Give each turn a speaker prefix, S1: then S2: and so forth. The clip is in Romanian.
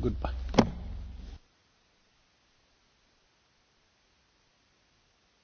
S1: Goodbye.